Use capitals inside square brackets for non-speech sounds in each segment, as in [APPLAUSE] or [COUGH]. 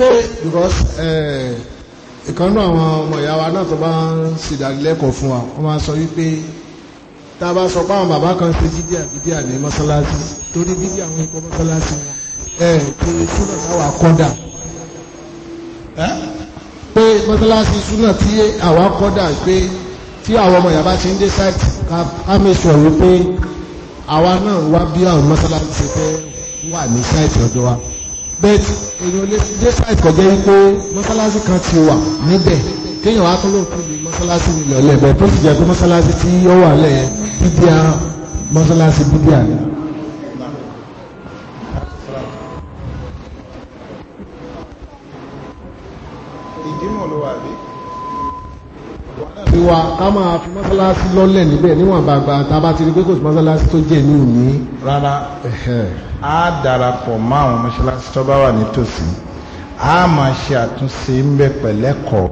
pé because eh, ìkan náà àwọn ọmọ ìyá wa náà tó bá ń ṣèdánilẹ́kọ̀ọ́ fún wa wọ́n máa sọ wípé tá a bá sọ pé àwọn bàbá kan ṣe jíjẹ́ àbídíà ní mọ́sálásí torí bíbí àwọn ikọ̀ mọ́sálásí wọn ẹ̀ pé súnà táwa kọ́dà pé mọ́sálásí súnà tí àwa kọ́dà pé tí àwọn ọmọ ìyá bá ti ń dé sáìtì ká mẹ́sọ̀ wípé àwa náà wá bí àwọn mọ́sálásí ṣe fẹ́ wà ní sáìtì ọ̀dọ̀ wa but èyàn lè ti dé sáì kọjá wípé mọ́sálásí kan ti wà níbẹ̀ kéèyàn wá tó lóòótọ́ ní mọ́sálásí ìlọ̀lẹ̀ bẹ̀ tó sì jẹ́ pé mọ́sálásí tí ó wà lẹ̀ bíbíà mọ́sálásí bíbíà ni. ìwà ká máa fi mọ́sálásí lọ́lẹ̀ níbẹ̀ níwọ̀n bàgbà tàbá ti rí pé kò sí mọ́sálásí tó jẹ́ ní òní rárá a darapọ̀ mọ́ àwọn mọ́sálásí tó bá wà nítòsí a máa ṣe àtúnṣe ń bẹ pẹ̀lẹ́kọ̀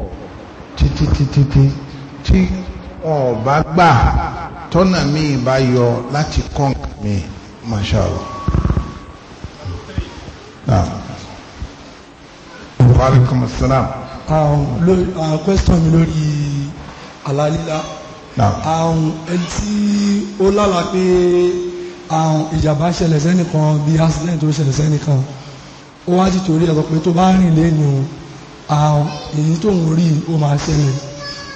títí títí tí wọn ò bá gbà tọ́nà míì bá yọ láti kọ́ nǹkan mi mashallah. Wa alaikum assalam. Àwọn question mi lórí àlàlílá àrùn ẹni tí ó lálàá pé àrùn ìjàmbá ṣẹlẹ̀ sẹ́nìkan bí accident ó ṣẹlẹ̀ sẹ́nìkan ó wá ti torí ẹ̀sọ́ pé tó bá rìn lẹ́nu àrùn èyí tó ń rí ó máa ṣẹlẹ̀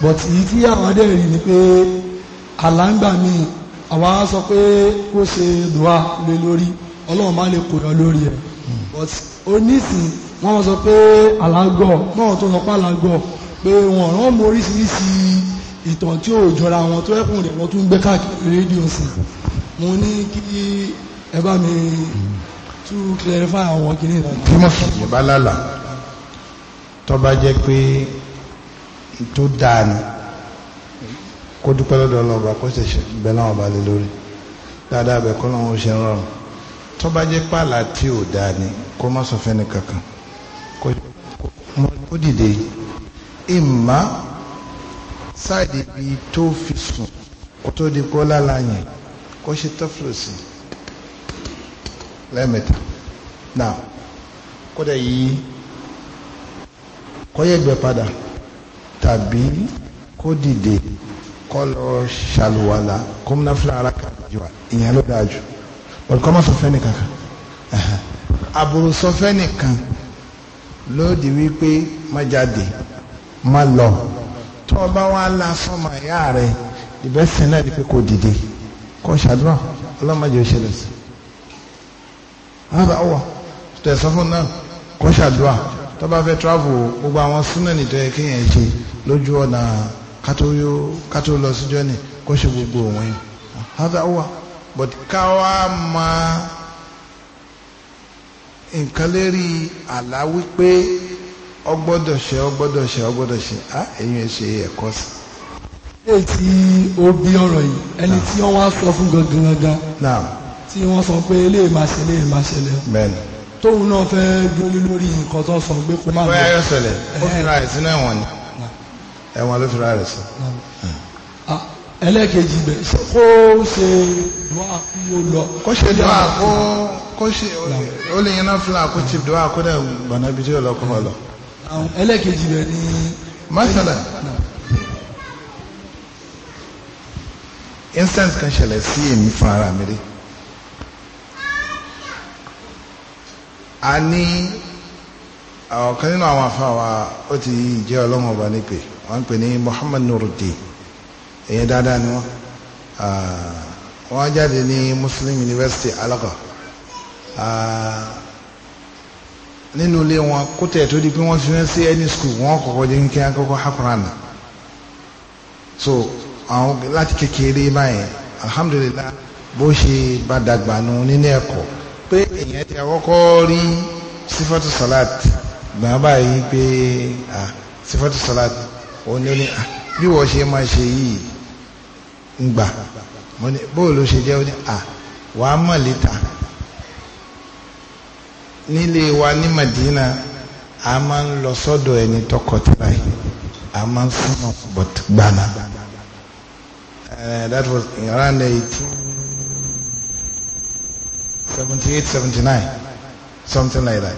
but èyí tí àwọn adé rí ni pé àlágbà mi àwa sọ pé kó ṣe dùá lé lórí ọlọ́run má lè kó yọ lórí ẹ̀ hmm. but onísìn wọ́n sọ pé àlágọ̀ náà tó sọ pé àlágọ̀ pé wọ́n rán mọ oríṣiríṣi ìtàn tí ó jọra wọn tó ẹkùn rẹ̀ wọ́n tún gbé káàkiri rédíò sí mo ní kí ẹ bá mi tún clarify àwọn kìíní náà. bí mo fi yẹ bá lálà tó bá jẹ́ pé tó dáa ni kó dúpẹ́ lọ́dọ̀ ọlọ́ọ̀bà kó ṣe bẹ́ẹ̀ náà ọba lórí dáadáa bẹ́ẹ̀ kọ́ lọ́wọ́ ṣe rọrùn tó bá jẹ́ pààlà tí ò dáa ni kó má sọ fẹ́ni kankan kó dìde ìmọ̀ sáàdì bí tó fi sùn kó tó di kó lálá yẹn kó ṣe tọ́fìlù sí lẹ́ẹ̀mẹ́ta náà kó dẹ̀ yí kó yẹ̀gbẹ́ padà tàbí kó dìde kó lọ ṣàlùwàlà kó múná fúlà ara kan jù wá ìyẹn ló dáa jù pẹ̀lú kó má sọ fẹ́ nìkan àbúrò sọ fẹ́ nìkan lóòdì wípé má jáde má lọ tó o bá wá la fọmọ ìyá rẹ ìbẹ́sìn náà di pé kò dìde kò ṣàdúrà ọlọ́mọdé ò ṣẹlẹ̀ sí i wọ́n bá wọ̀ tẹ̀sán fún náà kò ṣàdúrà tó bá fẹ́ travel gbogbo àwọn súnẹ̀nì tó yẹ kéèyàn ṣe lójú ọ̀nà kátó lọ sí jọ́nì kó ṣe gbogbo òun yìí hádà wà but ká wá máa nǹkan lérí àlá wípé ọgbọ́dọ̀ ṣe ọgbọ́dọ̀ ṣe ọgbọ́dọ̀ ṣe á èyàn ṣe ẹ̀kọ́ sí. ilé tí ó bí ọ̀rọ̀ yìí ẹni tí wọ́n wá sọ fún gangan gangan tí wọ́n sọ pé ilé máa ṣẹlẹ̀ máa ṣẹlẹ̀ tóun náà fẹ́ dúró lórí nǹkan tó sọ pé kó má lọ. bóyá yóò ṣẹlẹ̀ ó fi ra ìsinú ẹ̀wọ̀n ni ẹ̀wọ̀n ló fi ra rẹ̀ sí. Hmm. ẹlẹ́kejì bẹ̀ ṣé kó ṣe dùá kí lọ. kó ṣe dùá kó kó ṣe ó lè yan náà fúnra kó ti dùá kó dẹ̀ gbọ̀nà ibi tí ó lọ kó lọ àwọn ẹlẹ́kejì rẹ̀ ní. masala instance kan ṣẹlẹ̀ sí èmi fún ara mi rí a ní àwọn kan nínú àwọn afáwa ó ti jẹ́ ọlọ́run ọba nípè wọ́n ń pè ní Muhammad Nuruddin èyí dáadáa ni wọ́n wọ́n jáde ní Muslim University Alaka nínú ilé wọn kó tẹ̀ tó di pé wọ́n fi wọ́n sí any school wọ́n kọ́kọ́ jẹ́ kí wọ́n kọ́kọ́ so àwọn láti kékeré báyìí alhamdulillah bó ṣe bá dàgbà nù nínú ẹ̀kọ́ pé èèyàn ti àkọ́kọ́ rí sífọ́tù salat gbọ̀n báyìí pé sífọ́tù salat ó ní ó ní bí wọ́n ṣe máa ṣe yìí ń gbà bóòlù ṣe jẹ́ ó ní wàá mọ̀ létà nílé wa ní Madina a máa ń lọ sọ́dọ̀ ẹni tọkọtìlá yìí a máa ń fún but gbana eh, that was around eighteen seventy eight seventy nine something like that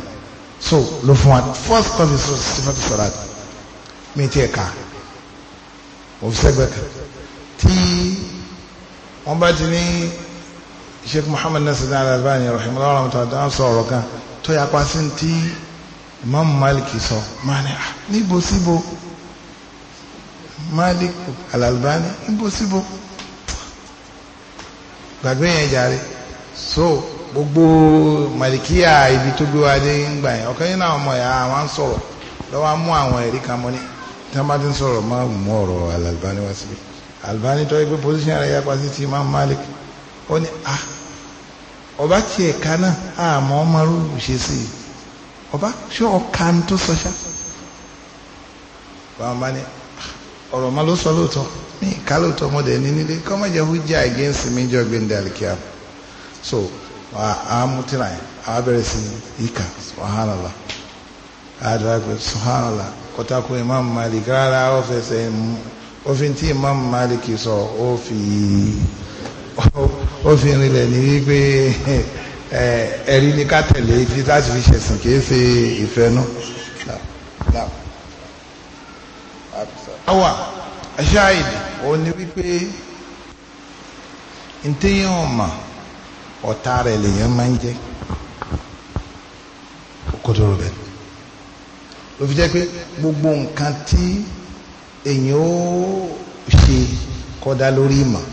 so ló fún wa first cause is sifatu salat mi tiẹ̀ ká òfìsẹ́gbẹ́ kan tí wọ́n bá ti ní Sheikh Muhammad Nasir Al-Albani rahimahullah rahmatulahi sọ ọ̀rọ̀ kan tó yapa sí ti Imam Malik sọ máa ní à ah, níbo síbo Malik Al-Albani níbo síbo gbàgbé yẹn jàre so gbogbo malikiya ibi tó gbé wa dé ń gbà yẹn ọ̀kan nínú àwọn ọmọ yà àwọn ń sọ̀rọ̀ lọ́wọ́ mú àwọn ẹ̀rí kan mọ́ ní tí wọ́n bá ti ń sọ̀rọ̀ má mú ọ̀rọ̀ Al-Albani wá síbi Al-Albani tó yẹ pé position rẹ̀ yapa sí ti Imam Malik ó ní ah ọba tiẹ̀ ha náà àmọ́ ọmọ rúbù ṣe sí i ọba ṣé ọka ń tó sọ́ṣá báwọn bá ní ah, ọ̀rọ̀ ọmọ ló sọ lóòótọ́ mí ká lóòótọ́ ọmọdé ní nílé so yẹn sí ìkà imam malik rárá ó ó fi rinlẹ̀ ní wípé [LAUGHS] ẹ̀rí ni ká tẹ̀lé ibi láti fi ṣẹ̀sìn kì í ṣe ìfẹ́ nú. àwa aṣáàìdì ó ní wípé ntẹ́yìn ọ̀mà ọ̀tá rẹ̀ lèèyàn máa ń jẹ́ kòtòrò bẹ́ẹ̀ ló fi jẹ́ pé gbogbo nǹkan tí èèyàn ó ṣe kódà lórí ìmọ̀.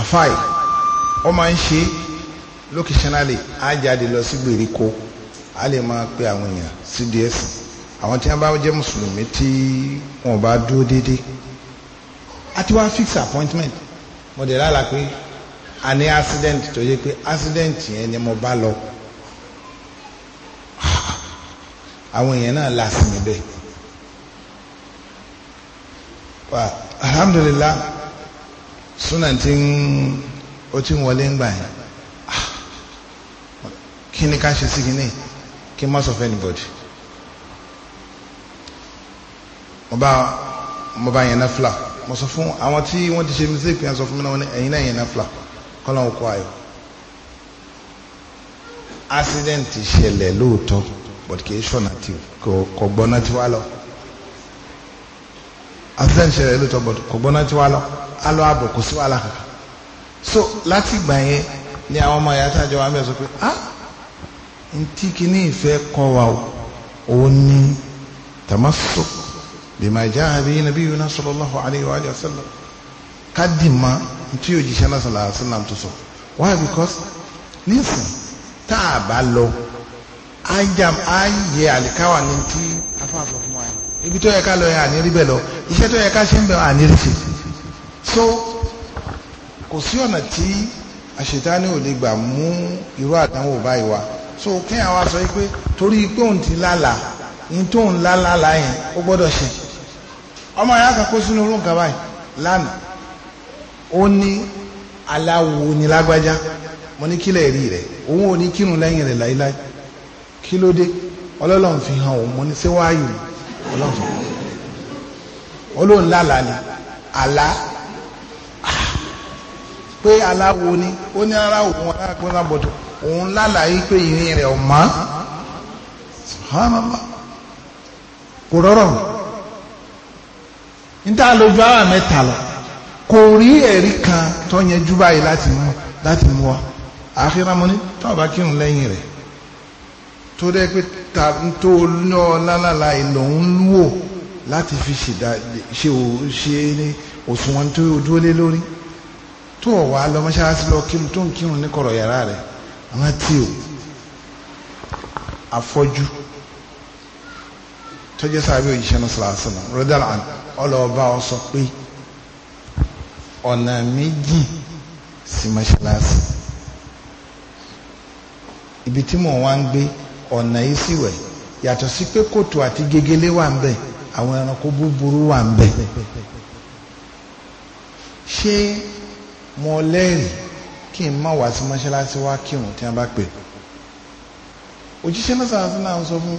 àfáì ọ máa ń ṣe lókìṣánálì á jáde lọ sí gbèríko á lè máa pe àwọn èèyàn sí àwọn tí wọ́n bá jẹ́ mùsùlùmí tí wọ́n bá dúró déédéé a ti wá fix appointment mo dẹ̀ lára pé a ní accident tó yẹ pé accident yẹn ni mo bá lọ àwọn èèyàn náà la sinmi bẹ́ẹ̀ wa alhamdulilah súnà tí ń ó ti ń wọlé ń gbà yẹn ah, kí ni ká ṣe sí kí ni kí n má sọ fún anybody mo bá mo bá yẹn náà fila mo sọ fún àwọn tí wọ́n ti ṣe mistake yẹn sọ fún mi náà wọ́n ní ẹ̀yin náà yẹn náà fila kọ́lá òkú ayọ̀ accident ṣẹlẹ̀ lóòótọ́ but kì í ṣọ̀nà tí kò gbọ́ná tí wá lọ accident ṣẹlẹ̀ lóòótọ́ but kò gbọ́ná tí wá lọ á lọ àbọ̀ kò sí wàhálà kankan so láti ìgbà yẹn ni àwọn ọmọ ìyá tá a jọ wà ń bẹ̀ pé ah ntí kìíní ìfẹ́ kọ́ wa o òun ni tàmásọ̀ bima jaa bihi nabiyuna sallallahu alayhi wa sallam ká dì má ntí òjíṣẹ́ náà sallallahu alayhi wa sallam tó sọ why because nísìn tá a bá lọ ajam ayé àlìkáwà ní ti afáfọ fún wa ibi tó yẹ ká lọ yẹ àníríbẹ̀ lọ iṣẹ́ tó yẹ ká ṣe ń bẹ̀ àníríṣe so kò sí ọ̀nà tí àṣetánì ò lè gbà mú irú àdánwò báyìí wá so kéèyàn wá sọ pé torí pé òun ti lálàá ní tóun lálàá yẹn ó gbọ́dọ̀ ṣe ọmọ ìyá kan kó sínú orú báyìí lánàá ó ní aláwo ni lágbájá mo ní kílẹ̀ rí rẹ̀ òun ò ní kírun lẹ́yìn rẹ̀ láíláí kí ló dé ọlọ́lọ́run fi hàn òun mo ní ṣé ọlọ́run olóhùn lálàá àlá pé aláwo ni ó ní ara òun alágbóná bọ̀dọ̀ òun lálàyé pé ìrìn rẹ̀ ọ̀mọ́ subhanallah kò rọrọ̀ níta lójú ara mẹ́ta lọ kò rí ẹ̀rí kan tó yẹn jú báyìí láti mú láti mú wa àfihàn mọ́ni tó bá kírun lẹ́yìn rẹ̀ tó dẹ́ pé ta tó lọ́ lálàlá ìlòun wò láti fi ṣe òṣùwọ̀n tó dúró lé lórí tó o wà lọ mọ́ṣáláṣí lọ kírun tó ń kírun ní kọ̀rọ̀ yàrá rẹ̀ wọ́n ti o afọ́jú tọ́jú sábẹ́ òyìṣẹ́ náà sọ̀rọ̀ náà rọ́dàlá ọlọ́ọ̀bá ọ sọ pé ọ̀nà méjì sí mọ́ṣáláṣí ibi tí mò ń wá ń gbé ọ̀nà yìí sì wẹ̀ yàtọ̀ sí pé kòtò àti gegele wà ń bẹ̀ àwọn ẹranko búburú wà ń bẹ̀ ṣé. mo lẹ́yìn kí n má wá sí mọ́ṣáláṣí wá kírun tí wọ́n bá pè òjíṣẹ́ náà náà ń sọ fún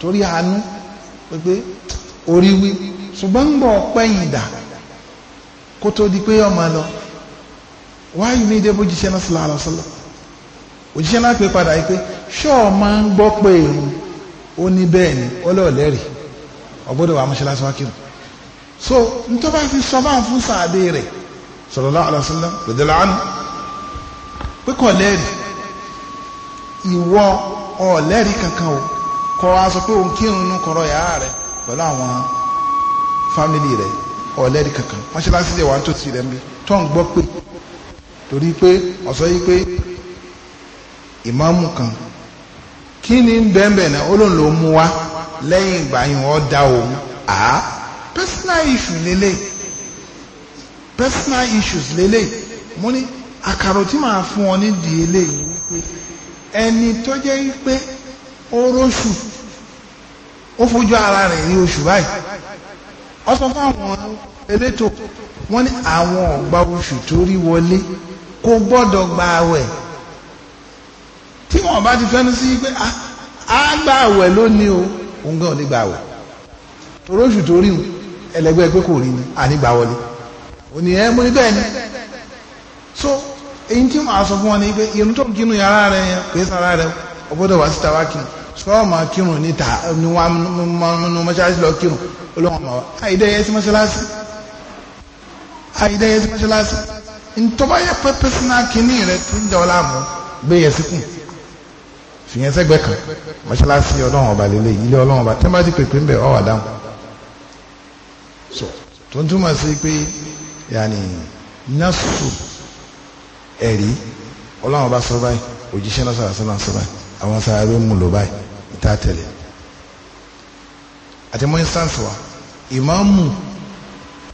torí àánú pé orí wí ṣùgbọ́n ń bọ̀ pẹ́yìn dà kó tó di pé ọmọ lọ why you need ebo náà sílá lọ sílá òjíṣẹ́ náà pé padà yìí pé ọ máa ń gbọ́ pé èrùn ó ní bẹ́ẹ̀ ni wà mọ́ṣáláṣí wá kírun so ntọ́ bá fi sọ bá ń fún sallallahu alaihi wasallam rẹ̀dẹ̀lá ánù pé o kọwaa sọ pé òun kírun inú kọ̀rọ̀ yàrá rẹ̀ pẹ̀lú àwọn fámìlì rẹ̀ ọ̀lẹ́rì kankan mọ́ṣáláṣí lè wà tó ti rẹ̀ ń ni bẹ́ẹ̀bẹ́ẹ̀ náà ó ló mú wa lẹ́yìn ìgbà yìí wọ́n òun personal issues lele. mo ní àkàrò tí màá fún ọ ní di eléyìí wípé ẹni tó jẹ́ wípé ó róṣù ó fojú ara rẹ̀ ní oṣù báyìí ó sọ fún àwọn elétò wọ́n ní àwọn ọ̀gbà oṣù tó rí wọlé kò gbọ́dọ̀ gba àwẹ̀ tí wọ́n bá ti fẹ́nu sí pé ah, a gba àwẹ̀ lónìí o òun gan ò ní gba àwẹ̀ toróṣù tó rí ẹlẹgbẹ́ pé kò rí ni àní gbà wọlé òní ẹ mú ní bẹ́ẹ̀ ni so èyí tí màá sọ fún wọn ni pé irun tó ń kírun yàrá rẹ yẹn kò é sára rẹ ọgbọ́dọ̀ wá síta wá kírun sọ́ọ́ máa kírun níta ni wọ́n mú mọ́ṣáláṣí lọ kírun olóhùn ọmọ wa àìdẹ́yẹ sí mọ́ṣáláṣí àìdẹ́yẹ sí mọ́ṣáláṣí ntọ́ba yẹ pẹ́pẹ́ sínú akínní rẹ tí ń dọ́ọ́lá mọ́ gbé yẹ síkùn fìyẹn sẹ́gbẹ́ kan mọ́ṣáláṣí ọlọ́run ọba lélẹ̀ ilé ọlọ́run ọba tẹ́ bá ti pèpè ń bẹ̀ ọ̀ dáhùn so tó ń túmọ̀ sí pé yani násù ẹ̀rí ọlọ́run bá sọ báyìí òjíṣẹ́ náà sọ̀rọ̀ sọ́nà sọ báyìí àwọn sàárẹ̀ mú lò báyìí ìta tẹ̀lé àti mú instance wa ìmáàmù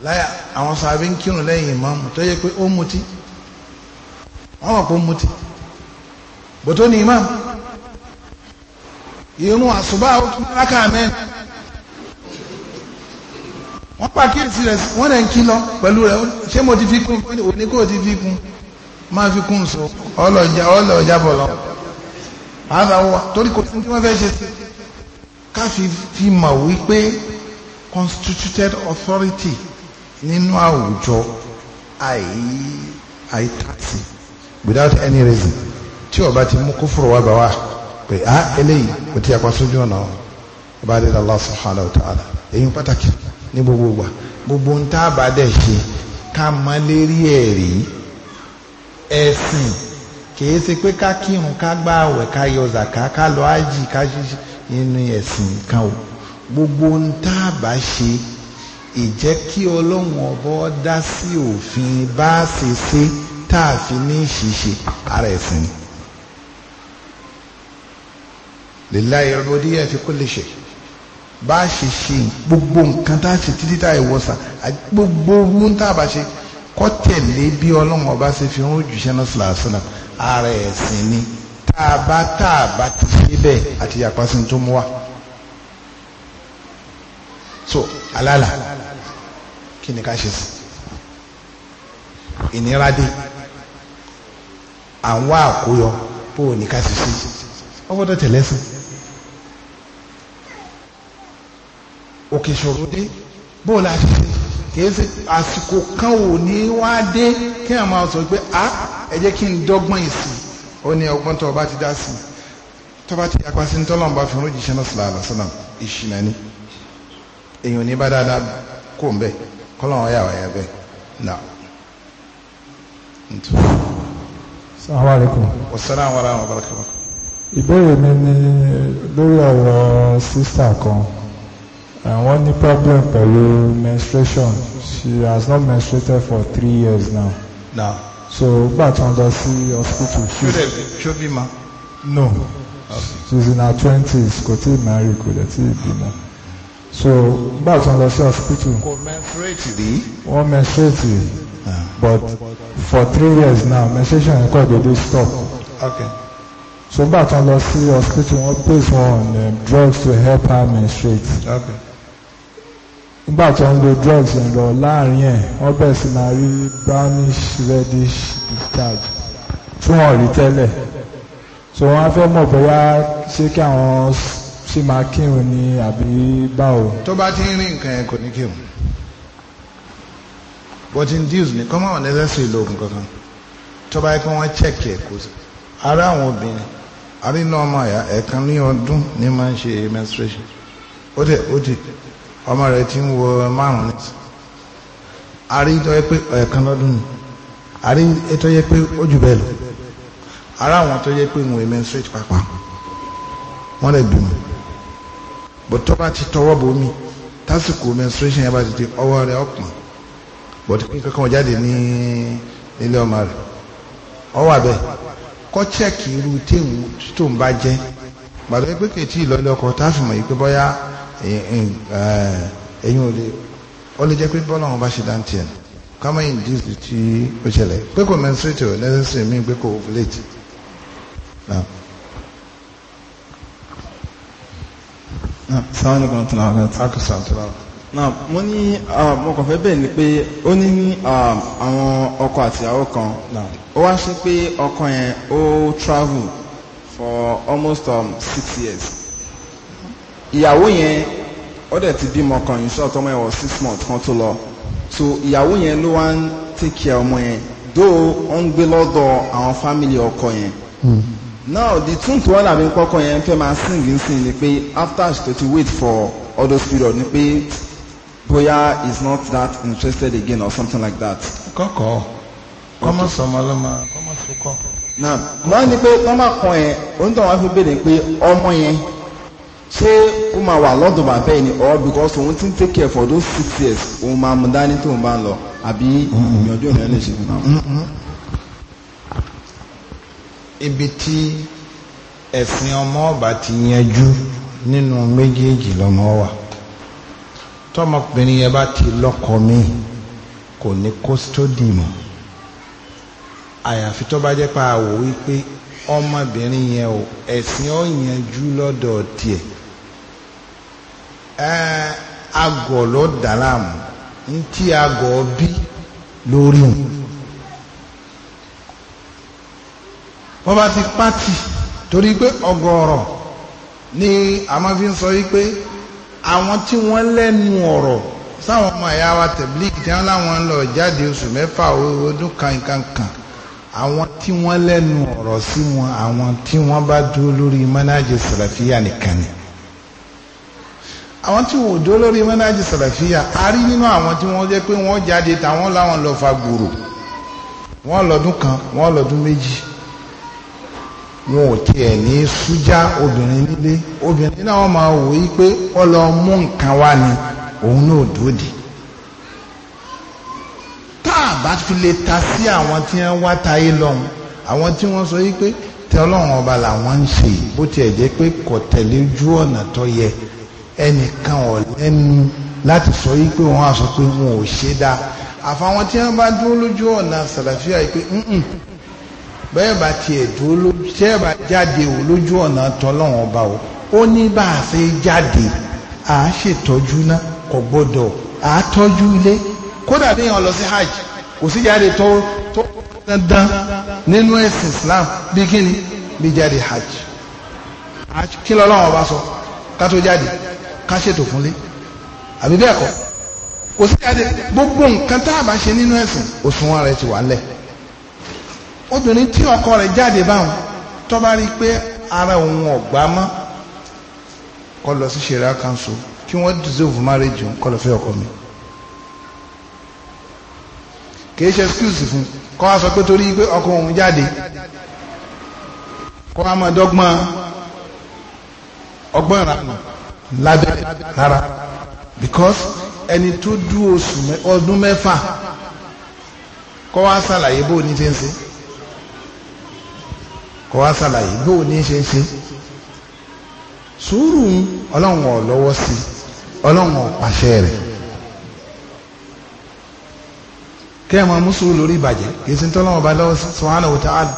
láyà àwọn sàárẹ̀ ń kírun lẹ́yìn ìmáàmù tó yẹ pé ó mutí wọ́n wà pé ó mutí bòtó wọ́n pàkíyèsí rẹ̀ wọ́n rẹ̀ ń kí lọ pẹ̀lú rẹ̀ ṣé mo ti fi kún òní kò ti fi kún máa fi kún sọ ọlọ́ọ̀já ọlọ́ọ̀já bọ̀ lọ. àbá wa torí kò tí wọ́n fẹ́ ṣe sí ká fi mọ̀ wípé constituted authority nínú àwùjọ àìtàsí without any reason tí ọba ti mú kófòrò wá bá wa pé á ah, eléyìí kò tí a pa sójú ọ̀nà ọba adéla Allah subhanahu wa ta'ala èyí pàtàkì ní gbogbo ìgbà gbogbo ń tá a bá dẹ̀ ṣe ká mọ lérí ẹ̀ rí ẹ̀sìn kìí ṣe pé ká kírun ká gbá àwẹ̀ ká yọ zàká ká lọ ájì ká ṣíṣe inú ẹ̀sìn kan o gbogbo ń tá a bá ṣe ìjẹ́ kí ọlọ́run ọbọ̀ dá sí òfin bá a ṣe ṣe tá a fi ní ṣíṣe ara ẹ̀sìn ni. lillahi al-'ubudiyyah fi kulli shay' bá a ṣe ṣe gbogbo nǹkan tá a ṣe títí tá a yẹ wọ́sà gbogbo ohun tá a bá ṣe kọ́ tẹ̀lé bí ọlọ́run ọba ṣe fi hàn òjúṣẹ́ náà sílàsílà ara ẹ̀sìn ni tá a bá tá a bá ti ṣe bẹ́ẹ̀ àti yàpá sí tó mú wa. so alala kí ni ká ṣe sí ìnira dé àwọn àkóyọ bó o ní ká ṣe sí ọgbọ́dọ̀ tẹ̀lé sí. òkè ìṣòro dé bó la ṣe kìí ṣe àsìkò kan ò ní wá dé kí àwọn máa sọ pé a ẹ jẹ́ kí n dọ́gbọ́n ìsìn ó ní ọgbọ́n tó o bá ti dá sí i tó bá ti yapa sí tọ́lọ̀ ń bá fi rújì ṣẹ́nà sílá àlọ́sọ́nà ìṣìnà ni èèyàn ní bá dáadáa kó ń bẹ̀ kọ́lọ̀ wọn yà wá yà bẹ́ẹ̀ nà. Assalamu alaikum. Wassalamu warahmatullahi wabarakatuh. ìbéèrè mi ni lórí ọ̀rọ̀ sísà kan. And one new problem pẹ̀lú menstruation she has not menstruated for three years now. now so gbà tí wọ́n lọ sí hospital. ṣúlẹ̀ ṣó ma? no she's in her twenties kò tí ì marry kò dẹ̀ tí ì bímọ. so gbà tí wọ́n lọ sí hospital. kò menstruate rí. wọ́n menstruate rí ah. but for three years now menstruation yẹn kọ́ dédé stop. okay so gbà tí wọ́n lọ sí hospital wọ́n place wọn on um, drugs to help her menstruate. okay nígbà tó ń lo drugs yẹn lọ láàrin ẹ̀ wọ́n bẹ̀rẹ̀ sí máa rí brownish reddish discharge tí wọ́n rí tẹ́lẹ̀ so wọ́n á fẹ́ mọ̀ bóyá ṣé kí àwọn ṣì máa kírun ni àbí báwo. tó bá ti ń rí nǹkan yẹn kò ní kírun but in deals ni kọ́mọ́ àwọn necessary lóògùn kankan tó bá yẹ kí wọ́n check ẹ̀ kó ara àwọn obìnrin àbí normal ẹ̀ẹ̀kan ní ọdún ni máa ń ṣe menstruation ó dẹ̀ ó dẹ̀ ọmọ rẹ̀ ti ń wọ márùn ní àrí tó yẹ pé ẹ̀kan lọ́dún ni àrí tó yẹ pé ó jù bẹ́ẹ̀ lọ ara àwọn tó yẹ pé wọn èmi ń straight pàpà wọn lè bímọ bó tó bá ti tọwọ́ bò mí tásìkò menstruation yẹn bá ti di ọwọ́ rẹ̀ ọ̀pọ̀n bó ti pín kankan jáde ní ilé ọmọ rẹ̀ ọwọ́ abẹ́ kọ́ irú téèmù tó ń bá jẹ́ gbàdúrà pé kèétí ìlọ́lẹ́ ọkọ̀ tá a fi mọ̀ yìí pé bọ́yá Eh, ẹ̀yin ò lè ó lè jẹ́ pé bọ́lá wọn bá ṣe dáńtì ẹ̀ ká má yín díìsì tí ó ṣẹlẹ̀ pé kò menstruate ò necessary mi pé kò ovulate. sáwọn ọgbọ̀n tó náà rẹ̀ àkùsà tó náà. náà mo ní ah, mo bẹ́ẹ̀ ni pé ó ní ah, àwọn ọkọ àtìyàwó kan ó wá ṣe pé ọkọ yẹn ó travel for almost um, six years ìyàwó yẹn ó dẹ̀ ti bímọ kan in short ọmọ yẹn wọ six months kan tó lọ so ìyàwó yẹn ló wá ń take care ọmọ yẹn dó ó ń gbé lọ́dọ̀ àwọn family ọkọ yẹn hmm. now the truth wọn làbí kọ́kọ́ yẹn fẹ́ máa sing in sing. ni pé after she to wait for all those period ni pé bóyá is not that interested again or something like that. kọ́kọ́ kọ́mọ sọmọ ló máa kọ́mọ sọkọ. now, wọ́n á ní pé wọ́n máa kàn yẹn onídàá wọn á fi béèrè pé ọmọ yẹn ṣé ó máa wà lọ́dọ̀ bàbá ẹ̀ ni or because òun ti ń take care for those six years òun máa mú dání tó ń bá ń lọ àbí ìyànjú òun lè ṣe. ibi tí ẹ̀sìn ọmọ ọba ti yanjú nínú méjèèjì lọ́mọ wà tọmọkùnrin yẹn bá ti lọ́kọ mi kò ní kóstódì mọ́ àyàfi tó bá jẹ́ pa àwò wípé ọmọbìnrin yẹn o ẹ̀sìn ó yanjú lọ́dọ̀ tiẹ̀ ẹ agọ̀ ló dà láàmú ntí agọ̀ bí lórí wọn. wọ́n bá ti pátì torí pé ọgọ́rọ̀ ni a máa fi ń sọ wípé àwọn tí wọ́n lẹ́nu ọ̀rọ̀ sáwọn ọmọ ẹ̀yà wa tẹ̀blíkì tí wọ́n láwọn ń lọ jáde oṣù mẹ́fà ọdún kan kan kan àwọn tí wọ́n lẹ́nu ọ̀rọ̀ sí wọn àwọn tí wọ́n bá dúró lórí mọ́nájì sàlàfíà nìkan ni àwọn tí wò dó lórí mẹ́nájì sàlàfíà a rí nínú àwọn tí wọ́n jẹ́ pé wọ́n jáde táwọn láwọn lọ fa gbòòrò wọ́n lọ́dún kan wọ́n lọ́dún méjì wọn ò tiẹ̀ ní sújá obìnrin nílé obìnrin náà máa wò ó pé ó lọ mú nǹkan wá ni òun náà dòdì tá a bá fi lè ta sí àwọn tí wọ́n wá tayé lọ́hùn àwọn tí wọ́n sọ yìí pé tẹ ọlọ́run ọba làwọn ń ṣe bó tiẹ̀ jẹ́ pé kò tẹ̀lé ọ̀nà tó yẹ ẹnìkan ò lẹ́nu láti sọ yí pé wọ́n á sọ pé wọn ò ṣe dáa àfàwọn tí wọ́n bá dúró lójú ọ̀nà sàlàfíà yìí pé bẹ́ẹ̀ bá tiẹ̀ dúró lójú tẹ́ bá jáde ò lójú ọ̀nà tọ́lọ́wọ́n bá o ó ní bá a ṣe jáde à á ṣètọ́jú náà kò gbọ́dọ̀ à á tọ́jú ilé kódà bí èèyàn lọ sí hajj kò sí jáde tó tó dandan nínú ẹ̀sìn Islam bí kíni bí jáde hajj kí lọ́lọ́wọ́n bá sọ ká tó jáde ká ṣètò fúnlé àbí bẹ́ẹ̀ kọ́ kò sí káde gbogbo nǹkan tá a bá ṣe nínú ẹ̀sìn òṣùwọ̀n rẹ̀ ti wà lẹ̀ obìnrin tí ọkọ rẹ̀ jáde báwọn tó bá rí pé ara òun ọ̀gbá mọ́ kọ́ lọ sí sheria council kí wọ́n dissolve marriage òun kọ́ lọ fẹ́ ọkọ mi kì í ṣe excuse fún kọ́ wá sọ pé torí pé ọkọ òun jáde kọ́ wá máa dọ́gbọ́n ọgbọ́n ìrànà. lábẹ́ rárá because ẹni tó dúró ọdún mẹ́fà kọ́ wá s'àlàyé bó ní ṣe ń ṣe kọ́ wá ṣàlàyé bó ní ṣe ń ṣe sùúrù ọlọ́run sí ọlọ́run pàṣẹ rẹ̀ kí ẹ lórí ìbàjẹ́ bá lọ́wọ́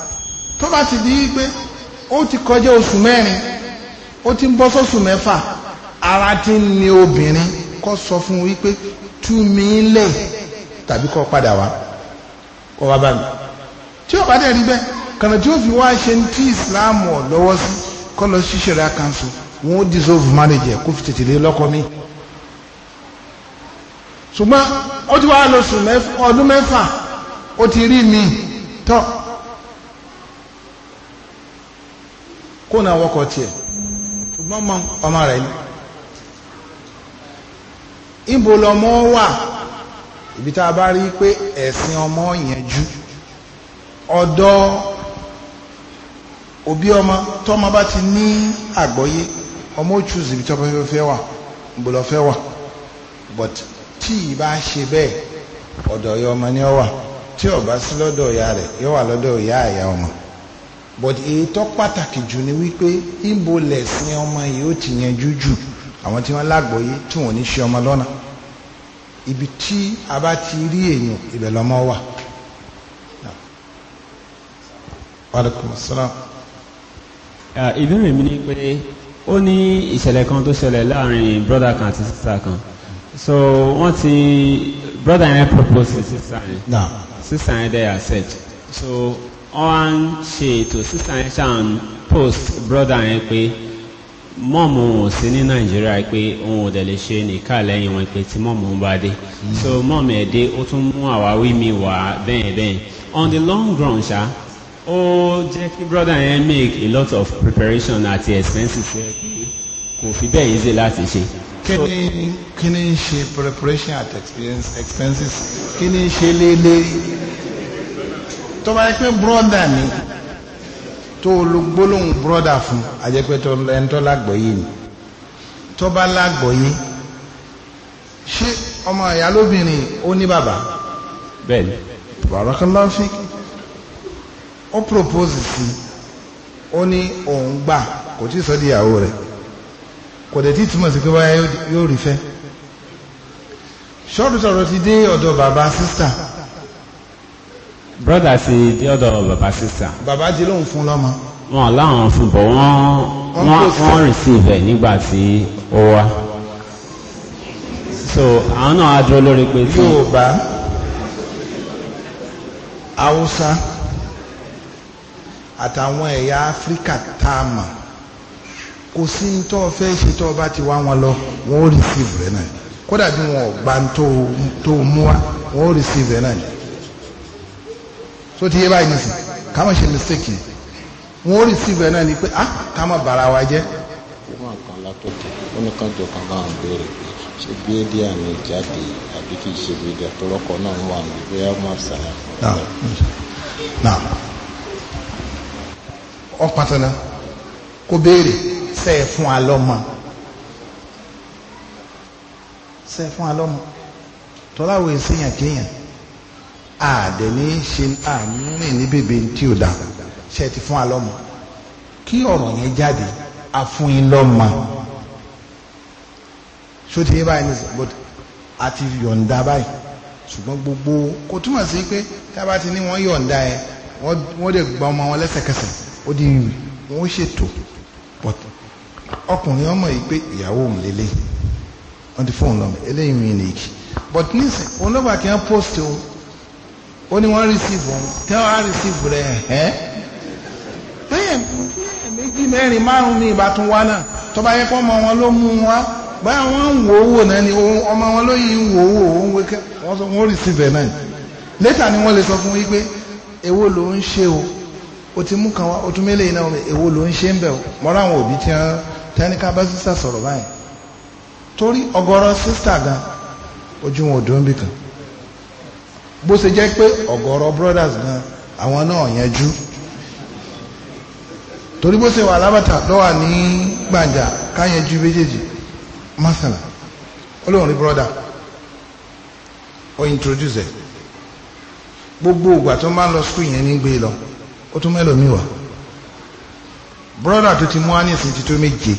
ara tí ń ni obìnrin kọ́ sọ fún wípé tú mi lẹ̀ tàbí kọ́ padà wá kọ́ wá bá mi tí ó bá dẹ̀ rí bẹ́ẹ̀ kànáà tí ó fi wá ṣe ní tí ìsìláàmù ọ̀ lọ́wọ́ sí kọ́ lọ sí ṣẹ̀ríà council wọn ó dissolve marriage ẹ̀ kó fi tètè lé lọ́kọ mi ṣùgbọ́n ó ti wá lọ sùn ọdún mẹ́fà ó ti rí mi tọ́ kó náà wọ́kọ̀ tiẹ̀ ṣùgbọ́n ọmọ rẹ̀ ni ìbò lọmọ wà ibi tá a bá rí pé ẹ̀sìn ọmọ yanjú ọ̀dọ́ òbí ọmọ tọ́mọ bá ti ní àgbọ́yé ọmọ òtún ìbí tọ́mọ fẹ́ wà ìbò lọ fẹ́ wà but tí ì bá ṣe bẹ́ẹ̀ ọ̀dọ̀ ọ̀yọ́ ọmọ ni ọ wà tí ó bá sí lọ́dọ̀ ìyá rẹ̀ yóò wà lọ́dọ̀ ìyá àyà ọmọ but èyí tó pàtàkì jù ni wípé ìbò lẹ̀sìn ọmọ yìí ó ti yanjú jù àwọn tí wọ́n lágbóyé tí wọ́n ní ṣe ọmọ lọ́nà ibi tí a bá ti rí èèyàn ibẹ̀ lọ́mọ wà. ìbéèrè mi ni pé ó ní ìṣẹ̀lẹ̀ kan tó ṣẹlẹ̀ láàrin brọ́dà kan àti sísá kan so wọ́n ti brọ́dà yẹn propose sí sister, yẹn sister yẹn dẹ̀ accept so wọ́n á ń ṣe ètò sísá yẹn ṣáà ń post brother yẹn pé mọ́ọ̀mù sí ní nàìjíríà pé òun ò ṣe nìka lẹ́yìn wọn pé tí mọ́ọ̀mù bá dé hmm. so mọ́ọ̀mù ẹ̀ ó tún mú àwáwí mi wá bẹ́ẹ̀ bẹ́ẹ̀ on the long run ṣá ó jẹ́ kí brother yẹn make a lot of preparation àti expenses rẹ̀ pé kò fi bẹ́ẹ̀ easy láti ṣe. kí ni ṣe preparation at experience expenses kí ni ṣe léèlé tó bá yẹ pé brother ni tó lo gbólóhùn brọ́dà fún àjẹpẹ́ tó ẹni tó lágbọ̀ọ́yé ni tó bá lágbọ̀ọ́yé ṣé ọmọ ìyá lóbìnrin ó ní bàbá bẹ́ẹ̀ ni barakallahu fiki ó propose sí ó ní òun gbà kò tí ì sọ di ìyàwó rẹ̀ kò dẹ̀ tí túmọ̀ sí pé báyà yóò rí fẹ́ ṣọ́ọ̀tù sọ̀rọ̀ ti dé ọ̀dọ̀ bàbá sísà brother ti dé ọ̀dọ̀ bàbá sísà. bàbá ti lóun fún lọ́mọ. wọn láwọn fún bọ̀ wọ́n wọ́n wọ́n receive ẹ̀ nígbà tí ó wá. so àwọn náà á dúró lórí pé. Yorùbá Haúsá àtàwọn ẹ̀yà Áfíríkà tá a mọ̀ kò sí tó o fẹ́ ṣe tó o bá ti wá wọn lọ wọ́n ó receive rẹ̀ náà kódà bí wọn ò gbà tó o mú wa wọ́n ó receive rẹ̀ náà tó ti yé báyìí nìsín ká má ṣe mistake yẹn wọn ó receive ẹ náà ni pé ah ká má bara wa jẹ. ìwọ nǹkan látọ̀tọ̀ ó ní kan jọ kan bá ń béèrè pé ṣé bíédíà ni ìjáde àbí kì í ṣe bíédíà tó náà wà ní bóyá má sàlá. ọ pàtó náà kó béèrè sẹ́ẹ̀ fún alọ́mọ sẹ́ẹ̀ fún alọ́mọ tọ́láwọ̀ èsì yàn kéèyàn àdẹ̀ ní ṣe àmúrìn ní bèbè tí ò dà ṣe ti fún alọ́mọ kí ọ̀rọ̀ yẹn jáde afúnyin lọ́mọ ṣó ti yé báyìí nísìnyí but àti yọ̀ǹda báyìí ṣùgbọ́n gbogbo kò túmọ̀ sí pé tábà ti ní wọ́n yọ̀ǹda ẹ̀ wọ́n dẹ̀ gba ọmọ wọn lẹ́sẹ̀kẹsẹ̀ ó di wọ́n ṣètò but ọkùnrin ọmọ yìí pé ìyàwó òun lélẹ̀ wọ́n ti fóun lọ́mọ eléyìí mi nìyí but nísìnyí òun lọ́ba kí wọ́n post o. o ní wọ́n rìsíìfù òun tí wọ́n á rìsíìfù rẹ̀ ẹ́ bẹ́ẹ̀ méjì mẹ́rin márùn-ún ní wa náà tó bá yẹ kó ọmọ wọn ló mú wa báyà ni ọmọ wọn lo yìí ń wò ó wọn wọ́n sọ ni wọ́n le sọ fún yí pé èwo ló ń ṣe o o ti mú kan wá o tún mélèé náà ló ń ṣe ń o mọ́ra àwọn òbí tí wọ́n bá sísà sọ̀rọ̀ bó ṣe jẹ́ pé ọ̀gọ̀rọ̀ brothers gan àwọn náà yanjú torí bó ṣe wà lábàtà lọ́wà ní gbàǹjà káyanjú méjèèjì masala olóhùn rí brother ó introduce ẹ̀ gbogbo ìgbà tó máa ń lọ school yẹn ní gbé lọ ó tún mi wà. brother tó ti mú wá ní ìsìn ti tó méje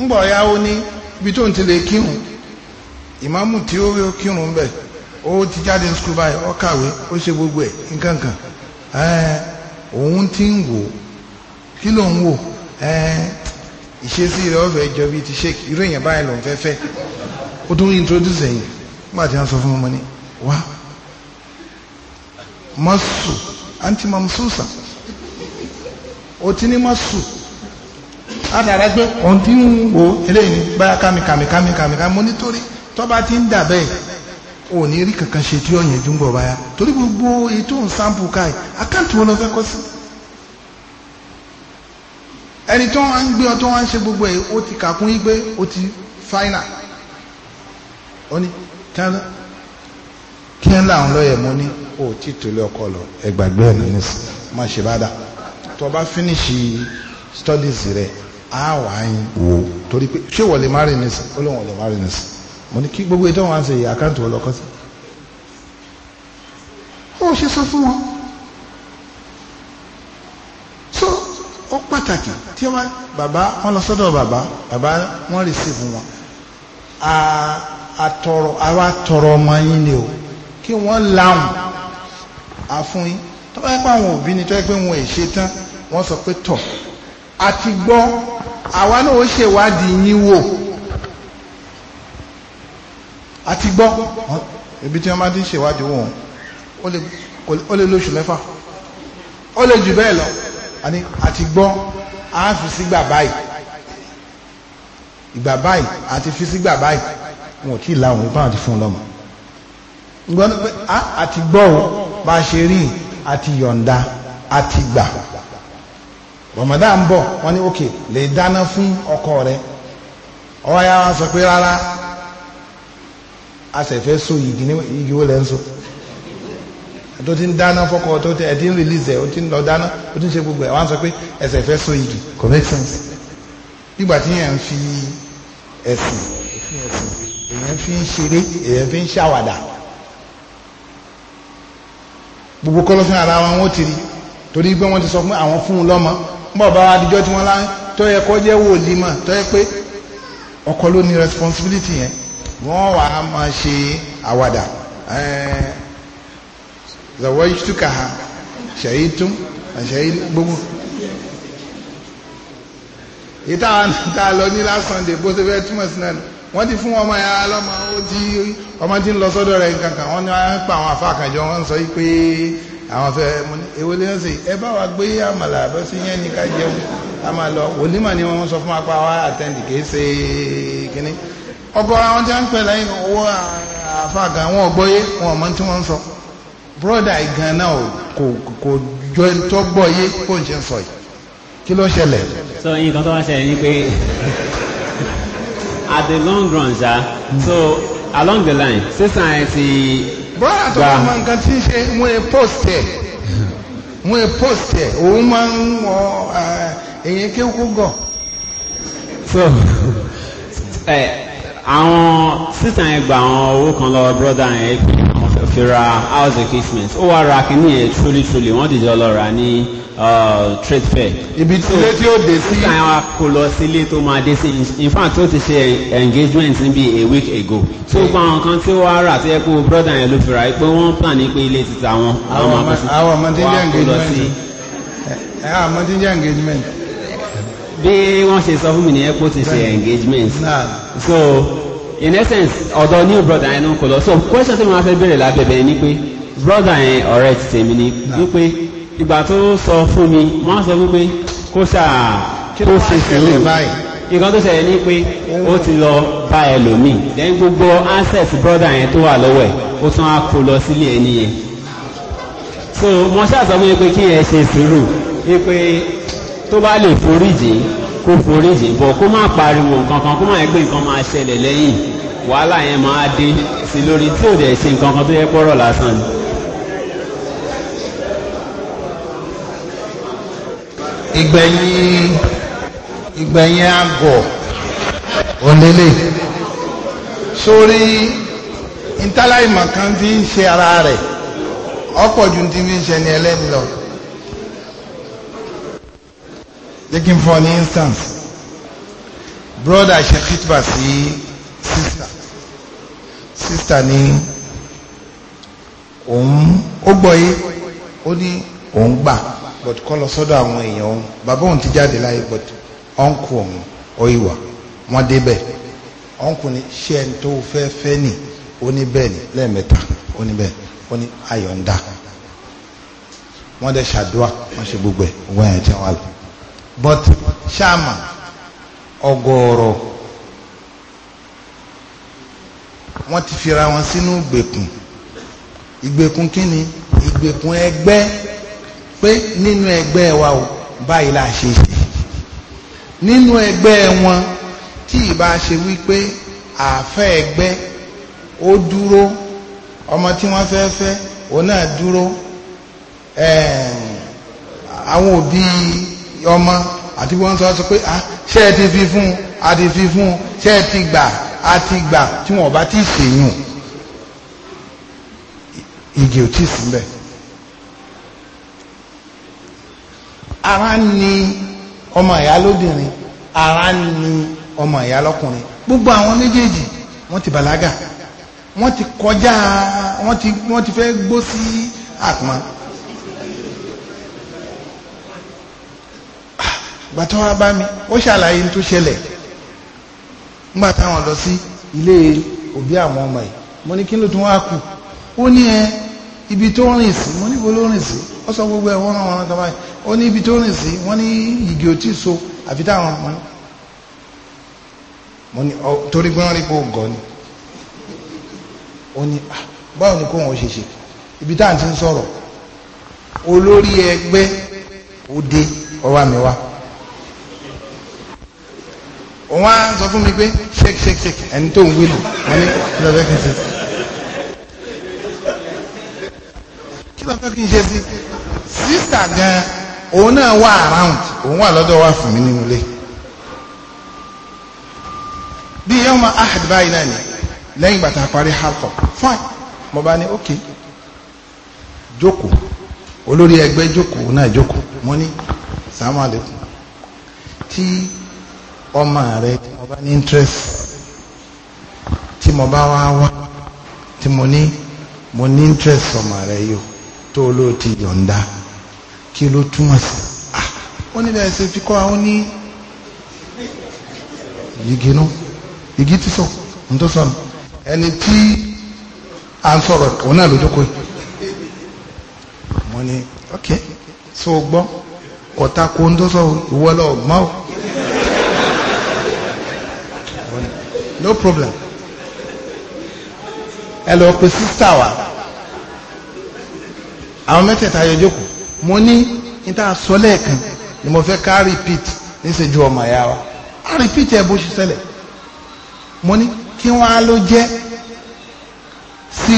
ń bọ̀ ya ní ibi tó ń tilẹ̀ kírun ìmáàmù tí ó kírun bẹ̀ ó ti jáde skul báyìí ó kàwé ó ṣe gbogbo ẹ̀ nǹkan kan òun ti ń wò kí ló ń wò ìṣesí rẹ̀ ọ̀fẹ́ jọ bíi ti sheik irú èèyàn báyìí lòun fẹ́ fẹ́ ó tún introduce ẹ̀yìn nígbà tí wọ́n sọ fún ọmọ ní wá mọ́sù anti mamsusa ó ti ní mọ́sù látara pé òun ti ń wo eléyìí báyà kàmì kàmì kàmì kàmì kàmì mo nítorí tọ́ba ti ń dà bẹ́ẹ̀ ò ní rí kankan ṣe tí ọ̀yàn dùn bọ̀ báyà torí gbogbo ètò ìsàmpù káì àkáǹtì wọn lọ fẹ́ kọ́ sí. ẹni tó ń gbé ọ tó ń ṣe gbogbo ẹ̀ ó ti kàkún yí pé ó ti fáínà ó ní kí ń láwọn lọ́yẹ̀ mo ní ó ti tòlé ọkọ lọ ẹgbàgbé ẹ̀ nínú má ṣe bá dà tọ́ba fínísì studies rẹ̀ á wà á yin wò torí pé ṣé wọ́n lè má rìn nísìn ó lóun lè má rìn nísìn mo ní kí gbogbo ètò wọn á ṣe ìyá àkáǹtì wọn lọ́kọ́ sí. ó ṣe sọ fún wọn so ó pàtàkì tí wọn bàbá wọn lọ sọ́dọ̀ bàbá bàbá wọn rìsíìfù wọn àtọrọ àwa tọrọ ọmọ yín ni o kí wọn láwọn àfún yín tọ́ba yẹn pé àwọn òbí ni tọ́ yẹ pé wọn ò ṣe tán wọ́n sọ pé tọ̀ àti gbọ́ àwa náà ó ṣèwádìí yín wò àti gbọ́ ibi tí wọ́n bá ti ṣèwádìí wò ó lè lóṣù mẹ́fà ó lè jù bẹ́ẹ̀ lọ àti gbọ́ a fi sígbà báyìí ìgbà báyìí àti fi sígbà báyìí wọn ò tí ì láwọn àti fún un lọ́mọ àti gbọ́ bá ṣe rí àti yọ̀ǹda àti gbà. Ramadan bọ̀ wọ́n ní òkè lè dáná fún ọkọ rẹ ọwọ́ ya wọn sọ pé rárá a sì fẹ́ so igi ní igi wo lẹ́ ń so tó ti ń dáná fọkọ tó ti ẹ ti ń release ẹ ó ti ń lọ dáná ó ti ń ṣe gbogbo ẹ wọn sọ pé ẹsẹ̀ fẹ́ so igi kò make sense nígbà tí yẹn ń fi ẹ̀sìn òfin ẹ̀sìn èèyàn fi ń ṣeré èèyàn fi ń ṣàwàdà gbogbo kọ̀lọ̀fín ara wọn ó ti rí torí pé wọ́n ti sọ pé àwọn fún un lọ́mọ bọ́ọ̀bá adijọ́ tí wọ́n lá tó yẹ kó jẹ́ wòlíì mọ̀ tó yẹ pé ọkọ ló ní responsibility yẹn wọ́n wà á máa ṣe àwàdà zọwọ́ ìtúkà ṣẹ̀yí tún ṣẹ̀yí gbogbo ìta ta lọ ní last Sunday bó ṣe fẹ́ túmọ̀ sí náà wọ́n ti fún ọmọ ya lọ́mọ ó ti ọmọ ti ń lọ sọ́dọ̀ rẹ̀ nǹkan kan wọ́n ní wọ́n pa àwọn àfa àkànjọ wọ́n sọ yí pé àwọn tó ẹ mú sè ẹ bá wa gbé àmàlà bó sí yẹn ní ká jẹun a lọ onímọ̀ ni wọ́n sọ fún apá wa àtẹ̀ǹdì kìí ṣe kínní ọgọ́ra wọn tí wọ́n ń pè lẹ́yìn owó àfàgà wọn ò gbọ́yé wọn mọ tí wọ́n sọ bróda ìgan náà kò kò jọ tó gbọ́yé kó n ṣe sọ yìí kí ló ṣẹlẹ̀. sọ yín kan tó wá ṣẹlẹ̀ ni pé at the long run ṣá so along the line sísan ẹ ti bọ́lá tó bá mọ nǹkan tí ń ṣe wọ́n ẹ post ẹ̀ wọ́n ẹ post ẹ̀ òun máa ń wọ eh, èyàn kí ó kó gọ̀. so ẹ [LAUGHS] eh, àwọn sísan yẹn gba àwọn owó kan lọ́wọ́ brọ́dà yẹn pé àwọn fẹ́ ra house equipment ó wá ra kínní yẹn truly truly wọ́n dìjọ́ lọ rà ní. Uh, trade fair. ibi tí ilé tí ó dé sí. títà yẹn wa kò lọ sí ilé tó máa dé sí in fact ó ti ṣe engagement níbi a week ago. tó gba àwọn kan tí wọ́n rà tó yẹ kó brother yẹn ló fi ra pé wọ́n plan ní pé ilé títà wọn. àwọn ọmọ àwọn ọmọ tí ń jẹ́ engagement. àwọn ọmọ tí ń jẹ́ engagement. bí wọ́n ṣe sọ fún mi nìyẹn pé ó ti ṣe engagement. so in essence ọ̀dọ̀ new brother yẹn ló ń kó lọ so question tí mo máa fẹ́ bẹ̀rẹ̀ lábẹ́ bẹ̀rẹ̀ ni pé brother yẹn ọ̀rẹ́ ti tèmi ni wípé ìgbà tó sọ fún mi wọ́n sọ wípé kó sàá kó ṣe sùúrù nǹkan tó ṣẹlẹ̀ ní pé ó ti lọ bá ẹlòmíì then gbogbo access brother yẹn tó wà lọ́wọ́ ẹ̀ ó tún á kó lọ sílé ẹni yẹn so mo ṣàṣọ mi pé kí yẹn ṣe sùúrù pé tó bá lè foríjì kó foríjì bọ̀ kó má pariwo nǹkan kan kó má gbé nǹkan máa ṣẹlẹ̀ lẹ́yìn wàhálà yẹn máa dé sí lórí tí ò dẹ̀ ṣe nǹkan kan tó yẹ pọ́rọ̀ lásán ni. ìgbẹ̀yìn ìgbẹ̀yìn àgọ̀ òlélẹ̀ sórí ntàláìmọ̀ kan fi ń ṣe ara rẹ̀ ọ̀pọ̀ ju ti fi ń ṣe ni ẹlẹ́ni lọ. taking for an instance brother ṣe kíkpà sí sister sister ni òun ó gbọ́ yé ó ní òun gbà but kọ́ lọ sọ́dọ̀ àwọn èèyàn òun bàbá òun ti jáde láyé but ọ̀nkù òun ọ̀ìwà wọ́n débẹ̀ ọ̀nkù ni ṣé ẹni tó fẹ́ fẹ́ nì ó ní bẹ́ẹ̀ ni lẹ́ẹ̀mẹ́ta ó bẹ́ẹ̀ ó ayọ̀ǹda wọ́n dẹ̀ ṣàdúrà wọ́n ṣe gbogbo ẹ̀ owó ẹ̀yàn tí wọ́n lọ but ṣáàmà ọgọ́rọ̀ wọ́n ti fira wọn sínú ìgbèkùn ìgbèkùn kí ni ìgbèkùn ẹgbẹ́ pé nínú ẹgbẹ́ wa o báyìí là ṣe ṣe nínú ẹgbẹ́ wọn tí ìbá ṣe wípé àáfẹ́ ẹgbẹ́ ó dúró ọmọ tí wọ́n fẹ́ fẹ́ òun náà dúró àwọn òbí ọmọ àti wọ́n sọ sọ pé ṣé ẹ ti fi fún a ti fi fún un ṣé ẹ ti gbà a ti gbà tí wọ́n bá ti ṣèyùn igi ò tí sí bẹ́ẹ̀. ara ni ọmọ ìyá lóbìnrin ara ni ọmọ ìyá lọ́kùnrin gbogbo àwọn méjèèjì wọ́n ti bàlágà wọ́n ti kọjá wọ́n ti wọ́n ti fẹ́ gbó sí àpọn. gbàtọ́ wa bá mi ó ṣàlàyé tó ṣẹlẹ̀ nígbà táwọn lọ sí ilé òbí àwọn ọmọ yìí mo ní kí ló tún wá kù ó ní ẹ ibi tó rìn sí mo ní bo ló rìn sí ó sọ gbogbo ẹ wọ́n rán wọn rán báyìí ó ní ibi tó rìn sí wọ́n ní igi ò tí so àfi táwọn ọmọ mo ní torí pé wọ́n rí pé ó gọ̀ ni ó ní báwo ni kó wọn ṣe ṣe ibi tá à ń ti ń sọ̀rọ̀ olórí ẹgbẹ́ òde ọwọ́ mi wá òun á sọ fún mi pé shake shake shake ẹni tó ń wí lò wọ́n ní kí lọ́ọ́ fẹ́ kí n ṣe sí kí lọ́ọ́ fẹ́ kí n ṣe sí sísà gan-an òun náà wà around òun wà lọ́dọ̀ wà fún mi nínú ilé bí yẹn wọn ahad báyìí náà ni lẹ́yìn gbàtà parí halkọ fine mo bá ní ok jókòó olórí ẹgbẹ́ jókòó náà jókòó mo ní salamu alaykum tí ọmọ rẹ tí mo bá ní interest tí mo bá wá wá tí mo ní mo ní interest ọmọ rẹ yìí tó ló ti yọ̀ǹda kí ló túmọ̀ sí ah, wọ́n ní bẹ́ẹ̀ ṣe fi kọ́ àwọn ní igi nú igi ti sọ n tó sọ ẹni tí a ń sọ̀rọ̀ òun náà lójú kọ́ wọ́n ní ok so gbọ́ kọ̀tà kó ń tó sọ ìwọ lọ gbọ́n o no problem ẹ lọ pe sísá wa àwọn mẹ́tẹ̀ẹ̀ta yọjọ́ kù mo ní níta sọ lẹ́ẹ̀kan ni mo fẹ́ ká repeat níṣẹ́jú ọmọ ẹ̀yà wa á repeat ẹ̀ bó ṣe ṣẹlẹ̀ mo ní kí wọ́n á ló jẹ́ sí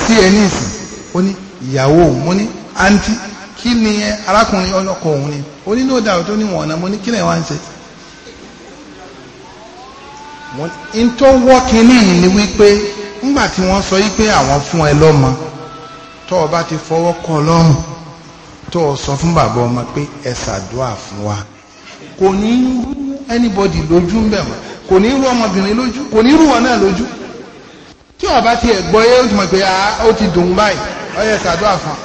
sí ẹni ìsìn ó ní ìyàwó òun mo ní àǹtí kí ni arákùnrin ọlọ́kọ òun ni ó ní ló dàrú tó ní wọ̀n náà mo ní kí lẹ̀ wá ń ṣe. n tó wọ́ kínní yìí ni wípé ńgbà tí wọ́n sọ yí pé àwọn fún ẹ lọ́mọ tó o bá ti fọwọ́ kọ lọ́rùn tó o sọ fún bàbá ọmọ pé ẹ ṣàdúrà fún wa kò ní rú anybody lójú ń bẹ̀ mọ́ kò ní rú ọmọbìnrin lójú kò ní rú wọn náà lójú tí ọba ti ẹ̀ gbọ́ yé ó ti mọ̀ pé ah, ó ti dùn báyìí ó yẹ ṣàdúrà fún wa.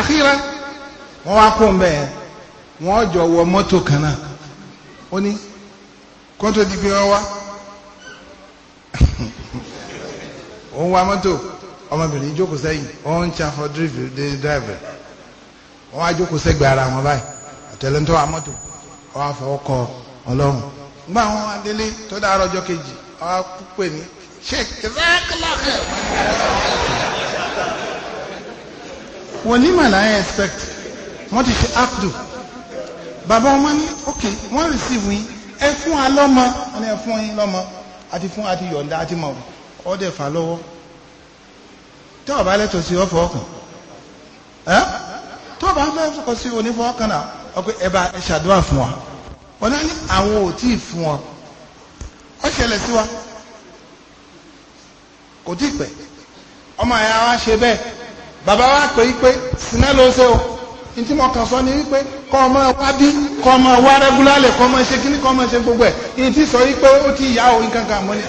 àkírá wọ́n wá kó ń bẹ̀ yẹn wọ́n jọ wọ mọ́tò kan náà ó ní kọ́ńtò di pé wọ́n wá òun [LAUGHS] wá mọ́tò ọmọbìnrin jókòó sẹ́yìn wọ́n ń ṣàfọ́ dírìfì wọ́n á jókòó sẹ́gbẹ̀ẹ́ ara wọn báyìí àtẹlẹ́ntọ́ àmọ́tò wọ́n á fọwọ́ kọ ọlọ́run gbọ́ àwọn adélé tó dára ọjọ́ kejì wọ́n á pè ní sheik rákìlákẹ́ wọ́n ní màlá ẹ̀ expect wọ́n ti ṣe afdo bàbá wọn ní ok wọ́n receive yín ẹ fún wa lọ́mọ wọ́n ní ẹ fún yín lọ́mọ àti fún àti yọ̀ǹda àti mọ̀ ọ́ dẹ̀ fà lọ́wọ́ tọ́ọ̀ bá lẹ́tọ̀ sí ọ̀fọ̀ ọkàn ẹ́ tọ́ọ̀ bá lẹ́tọ̀ sí onífọ̀ ọkàn náà ọ̀pẹ ẹ bá ẹ ṣàdúrà fún wa wọn náà ní àwọn ò tí ì fún ọ ọ ṣẹlẹ̀ sí wa kò tí ì pẹ́ ọmọ ẹ̀yà wa ṣe bẹ́ẹ̀ bàbá wa pè é pé sinẹ́ ló ṣe o ntí mo kàn sọ ni wípé kọ́ ọmọ wa bí kọ́ ọmọ wa rẹ́gúlálẹ̀ kọ́ ọmọ ṣe kíní kọ́ ọmọ ṣe gbogbo ẹ̀ ntí sọ wípé ó ti yá o nǹkan kan mọ́ ni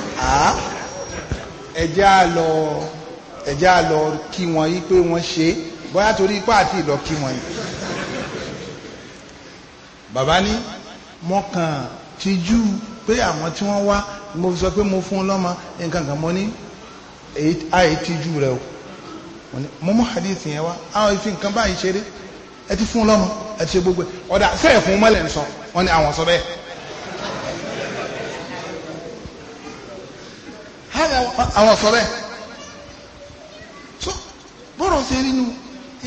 ẹ̀jẹ̀ á lọ ẹ̀já lọ kí wọn yí pé wọ́n ṣe bóyá torí ipá àti ìlọ kí wọn yí. bàbá ní mo kàn tijú pé àwọn tí wọ́n wá mo sọ pé mo fún lọ́mọ nǹkan kan mo ní àyè tijú rẹ o mo mú hadith yẹn wá àwọn ìfi nǹkan báyìí ṣeré ẹ ti fún lọ́mọ ẹ ti ṣe gbogbo ọ̀dà sẹ́yìn fún mọ́lẹ̀ ń sọ wọ́n ní àwọn sọ bẹ́ẹ̀. àwọn sọ bẹ́ẹ̀ bọ́rọ̀ ṣe rí nu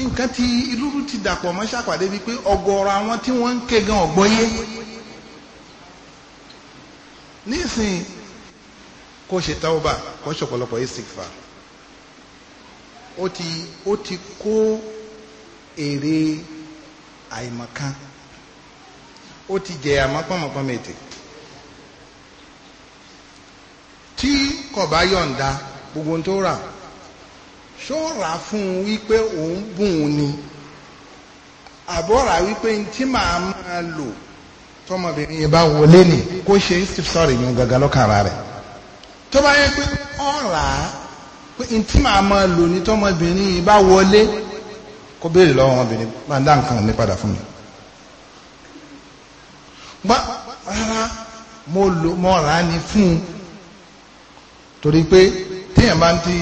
nǹkan ti ìlúrú ti dàpọ̀ mọ́ ṣàpàdé bíi pé ọ̀gọ̀ọ̀rọ̀ àwọn tí wọ́n ń ké gan ọ̀gbọ́yé nísìn kó ṣe tauba kó ṣe ọ̀pọ̀lọpọ̀ istikfa ó ti ó ti kó èrè àìmọ̀kan ó ti jẹ àmọ́pọ̀mọ̀pọ̀mọ̀ ètè tí kò bá yọ̀ǹda gbogbo ohun tó rà ṣó rà fún un wípé òun bùn ún ni àbọ̀rà wípé tí màá máa lò tọmọbìnrin yẹn bá wọlé ni kó ṣe istifsari yun gangan lọ́kàn ara rẹ̀ tó bá yẹ pé ọ̀rà pé tí màá máa lò ní tọmọbìnrin yẹn bá wọlé kó béèrè lọ́wọ́ ọmọbìnrin máa dá nǹkan mi padà fún mi gbá rárá mo rà á ní fún un torí pé téèyàn bá ń ti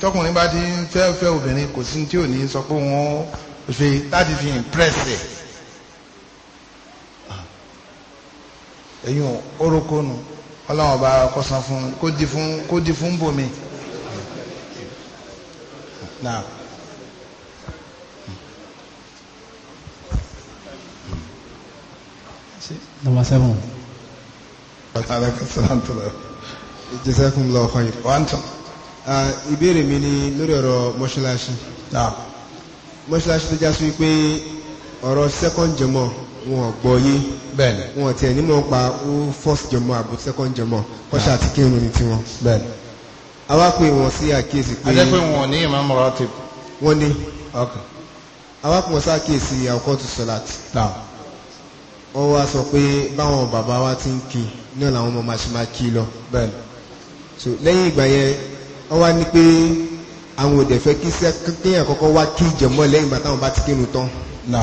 tọkùnrin bá ti ń fẹ́ fẹ́ obìnrin kò sí tí ò ní sọ pé wọ́n ṣe láti fi impress ẹ̀ ẹ̀yìn orókónù ọlọ́run ọba kọsán fún kó di fún kó di fún bòmí. Now. Number seven. Alaikum salam. Jazakumullahu khairan. Wa antum ìbéèrè mi ni lórí ọ̀rọ̀ mọ́ṣáláṣí. mọ́ṣáláṣí tó já sí wípé ọ̀rọ̀ second jọmọ wọn ò gbọ́ yé bẹ́ẹ̀ni wọn ò tiẹ̀ nímọ̀ pa ó first jọmọ àbò second jọmọ kọ́ṣà àti kírun ní tiwọn. bẹ́ẹ̀ni Awa pè wọ́n sí àkíyèsí pé. adé pé wọn ò ní imam ratib. wọ́n ní. ok àwa pè wọ́n sí àkíyèsí àwòkọ́ tó salat. wọ́n wá sọ pé báwọn bàbá wa ti ń kí náà làwọn ọmọ máa ṣe máa kí lọ. bẹ́ẹ̀ni so lẹ́yìn ìgbà yẹn wọ́n wá ní pé àwọn òdẹ fẹ́ kí sẹ́ kéèyàn kọ́kọ́ wá kí ìjẹ̀mọ́ lẹ́yìn ìgbà táwọn bá ti kírun tán. nà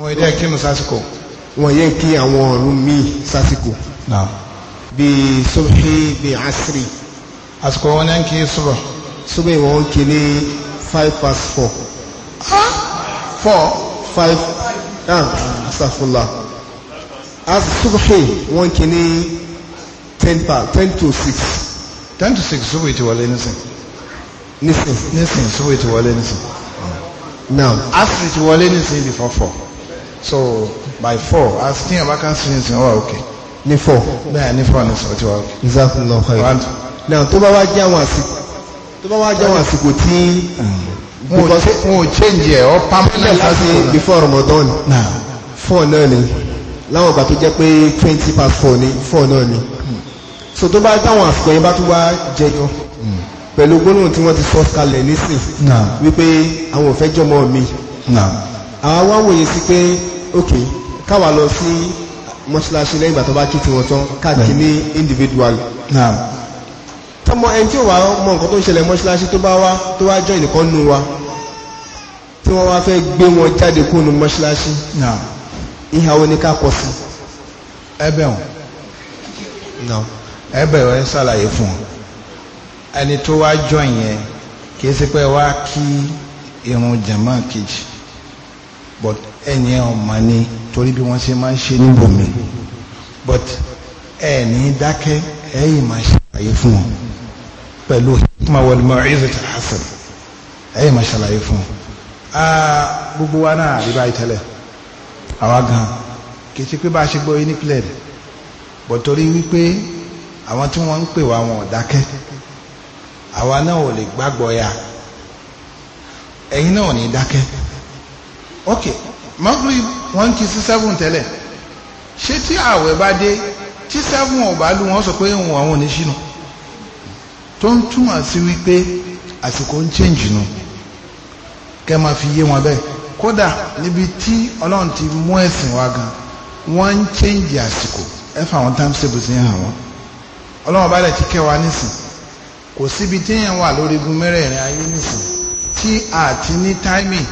wọn yẹ kírun sásìkò. wọn yẹ kí àwọn ọ̀run míì sásìkò. nà bí subhi bí asiri. àsìkò wọn yẹn kí subhi. subhi wọn kì ní five past four. four. five ah astaghfirullah as subhi wọn kì ní ten past ten to six ten to six ṣubú ti wọlé nísìn. nísìn so ṣubú ti wọlé nísìn. now asiri ti wọlé nísìn before four so by four asiri yẹn bá can sí nísìn ó wà òkè. four bẹ́ẹ̀ ní four ní sọ ti wà òkè. Jazakumullahu khairan. now tó bá wá jẹ́ àwọn àsìkò tó bá wá jẹ́ àwọn àsìkò tí wọn change ẹ̀ ọ́ permanent lásìkò before Ramadan Now, four náà ni láwọn ìgbà tó jẹ́ pé twenty past four ni four náà so tó bá táwọn àsìkò yẹn bá tún wá jẹyọ hmm. pẹ̀lú gbólóhùn tí wọ́n ti sọ kalẹ̀ nísìn wípé àwọn ò fẹ́ jọmọ mi àwa wá wòye sí pé ok káwa lọ sí mọ́ṣáláṣí lẹ́yìn ìgbà tó bá kí tiwọn tán káàkiri ní individual tọmọ ẹni tí ò wá mọ nǹkan tó ń ṣẹlẹ̀ mọ́ṣáláṣí tó bá wá tó wá jọ ìnìkan nu wa tí wọ́n wá fẹ́ gbé wọn jáde kó nu mọ́ṣáláṣí ìhà wo ni ká kọ sí. ẹ bẹ̀ wọ̀n ẹ bẹ̀rẹ̀ ẹ ṣàlàyé fún wọn ẹni tó wá jọ yẹn kì í ṣe pé wá kí irun jàmá kejì but ẹni ẹ ọmọ ni torí bí wọ́n ṣe máa ń ṣe níbòmí but ẹni dákẹ́ ẹ yìí máa ṣàlàyé fún wọn pẹ̀lú hikma wal mau'izati hasan ẹ yìí máa ṣàlàyé fún wọn gbogbo wa náà àríbá ìtẹ́lẹ̀ àwa gan kì í ṣe pé bá a ṣe gbọ́ yín ní plẹ̀ bọ̀ torí wípé àwọn tí wọ́n ń pè wá wọn ò dákẹ́ àwa náà ò lè gbàgbọ́ ya ẹ̀yin náà ò ní dákẹ́ ok mọ́gìrì wọ́n ti sí seven tẹ́lẹ̀ ṣé tí ààwẹ̀ bá dé tí seven ò bá lù wọ́n sọ pé òun àwọn ò ní ṣìnà tó ń túmọ̀ sí wípé àsìkò ń change nù kẹ́ máa fi yé wọn bẹ́ẹ̀ kódà níbi tí ọlọ́run ti mú ẹ̀sìn wa gan wọ́n ń change àsìkò ẹ fà wọn timetable sí hàn wọ́n ọlọ́run bá dẹ̀ ti kẹwàá nísìn kò síbi téèyàn wà lórí igun mẹ́rẹ̀ẹ̀rin ayé nísìn tí àti ní timing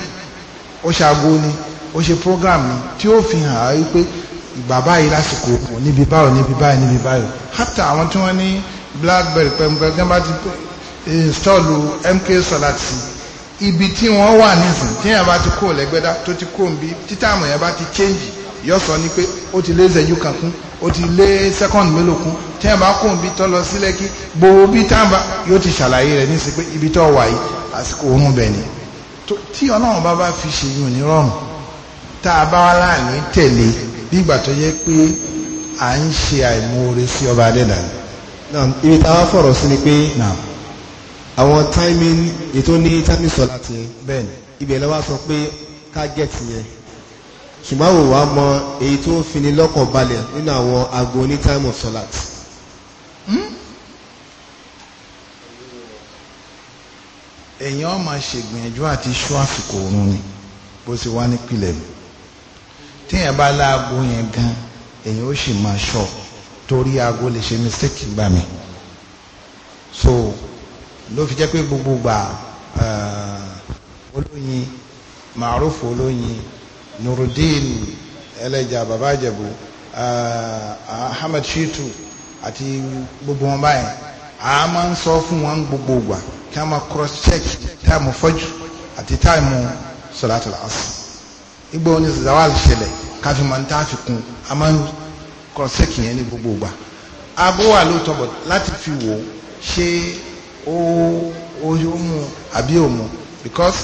ó ṣaago ni ó ṣe program ni tí ó fi hàn á wípé ìgbà báyìí lásìkò òkun níbi báyìí níbi báyìí níbi báyìí hátà àwọn tí wọ́n ní blackberry pẹ̀mpẹ̀ gẹ́gẹ́ bá ti install mk solati. ibi tí wọ́n wà nísìn téèyàn bá ti kó lẹ́gbẹ́dá tó ti kó nbí títàmù yẹn bá ti change yóò sọ ní pé ó ti lé ìṣẹ́jú kan kún ó ti lé sẹ́kọ̀ndì mélòó kún tẹ́ ẹ̀ bá kún bí tọ́ lọ sí lẹ́kí gbogbo bí táàbà yóò ti ṣàlàyé rẹ̀ níṣẹ́ pé ibi tó wà yìí àsìkò oorun bẹ̀ ni tí ọlọ́run bá bá fi ṣe yìí ní rọrùn tá a bá wá láàní tẹ̀lé nígbà tó yẹ pé à ń ṣe àìmoore sí ọba adẹ́dà ni. ibi tá a wá fọ̀rọ̀ sí ni pé àwọn timing ètò ní timing sọ láti yẹn ibẹ̀ lọ́wọ́ sọ pé ká gẹ̀ẹ́tì yẹn ṣùgbọ́n àwọn wa mọ èyí tó ń fini lọ́kàn balẹ̀ nínú àwọn aago ní time of salat. èèyàn máa ṣègbìyànjú àti ṣó àsìkò òun ni bó ṣe wá nípìnlẹ̀ mi téèyàn bá láago yẹn gan èèyàn ó sì máa ṣọ torí aago lè ṣe mistake gbà mí so ló fi jẹ́ pé gbogbo gbà eh, olóyin màrúfù olóyin nurudin ẹlẹ́jà bàbá àjẹ̀bù ahmed shitu àti gbogbo wọn báyìí a máa ń sọ fún wọn gbogbo ìgbà kí a máa cross check táìmù fọ́jú àti táìmù sọ̀látọ̀lá ọ̀sán igbó ní zawal ṣẹlẹ̀ káfí máa ń tá a fi kún a máa ń cross check yẹn ní gbogbo ìgbà aago wà lóòótọ́ bọ̀ láti fi wò ó ṣé ó ó mú àbí ó because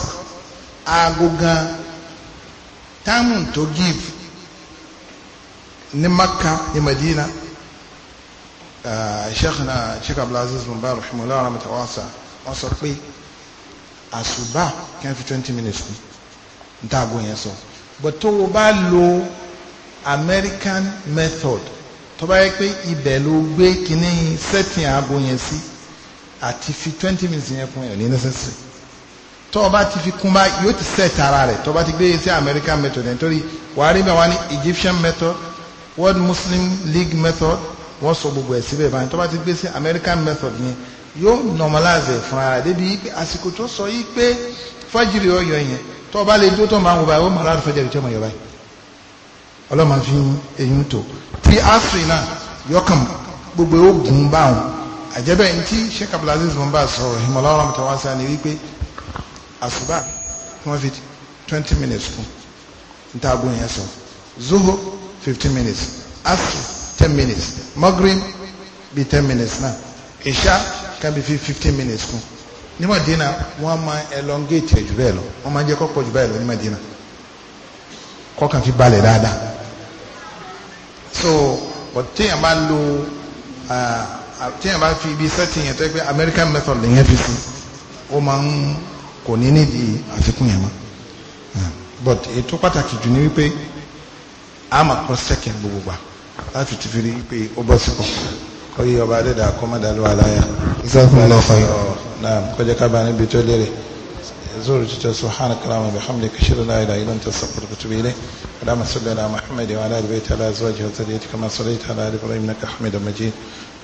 aago gan Time to give ní Makka ní Madina sheikh na sheikh abdulaziz mubarak rahimahullah rahmatu wasa wọ́n sọ pé àṣùbà kẹ́ fi twenty minutes ní ntaago yẹn sọ but tó o bá lo American method tó bá yẹ pé ibẹ̀ ló gbé kínní setting aago yẹn sí àti fi twenty minutes yẹn kún yẹn ní necessary tó bá ti fi kún bá yóò ti set ara rẹ̀ tó bá ti gbé sí American method nítorí wàá rí bẹ́ẹ̀ ní Egyptian method World Muslim League method wọ́n sọ gbogbo ẹ̀ síbẹ̀ báyìí tó bá ti gbé sí American method yẹn yóò normalize ẹ̀ fúnra rẹ̀ débi pé àsìkò tó sọ yìí pé fájìrì ọyọ yẹn tó bá lè dúró tó máa ń wò báyìí ó máa láti fẹ́jẹ̀ tó máa yọ báyìí ọlọ́mọ fi eyín tó tí asiri náà yọkàn gbogbo ogun báwọn àjẹbẹ́ ní Sheikh Abdulaziz mumba sọ̀rọ̀ himalaya ọlọ́mọ tó wá sáà wípé àṣùbà wọ́n fi twenty minutes kún ntaagun yẹn sọ zoho fifteen minutes asr ten minutes magrib bi ten minutes náà ìṣá kan bi fi fifteen minutes kún ní Madina wọ́n máa elongate ẹ̀ jù bẹ́ẹ̀ lọ wọ́n máa jẹ́ kó pọ̀ jù bẹ́ẹ̀ lọ ní Madina kọ́kàn fi balẹ̀ dáadáa so téèyàn bá lo téèyàn bá fi ibi sẹ́tìyàn tó yẹ pé American method lèyàn fi si ó máa ń kò ní nídìí àfikún yẹn mọ́ but ètò pàtàkì jù ní wípé a máa kọ́ sẹ́kẹ̀ gbogbo gbà láti ti fi rí wípé ó bọ́ sípò kọ́ yí ọba adẹ́dà kọ́mọ́dàlú aláya náà kọjá kábàá níbi tó lérè زور جدا سبحانك اللهم وبحمدك اشهد ان لا اله الا انت استغفرك واتوب اليك اللهم صل على محمد وعلى ال بيته وعلى ازواجه وذريته كما صليت على ال ابراهيم انك حميد مجيد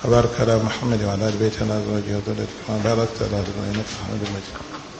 وبارك على محمد وعلى ال بيته وعلى ازواجه وذريته كما باركت على ال ابراهيم انك حميد مجيد